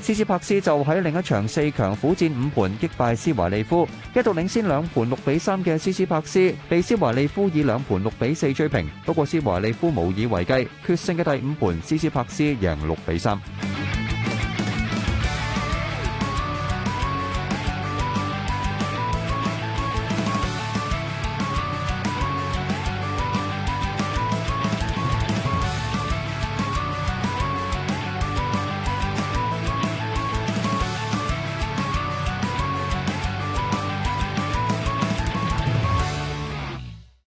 施斯帕斯就喺另一場四強苦戰五盤擊敗斯華利夫，一度領先兩盤六比三嘅施斯帕斯，被斯華利夫以兩盤六比四追平。不過斯華利夫無以為繼，決勝嘅第五盤施斯帕斯贏六比三。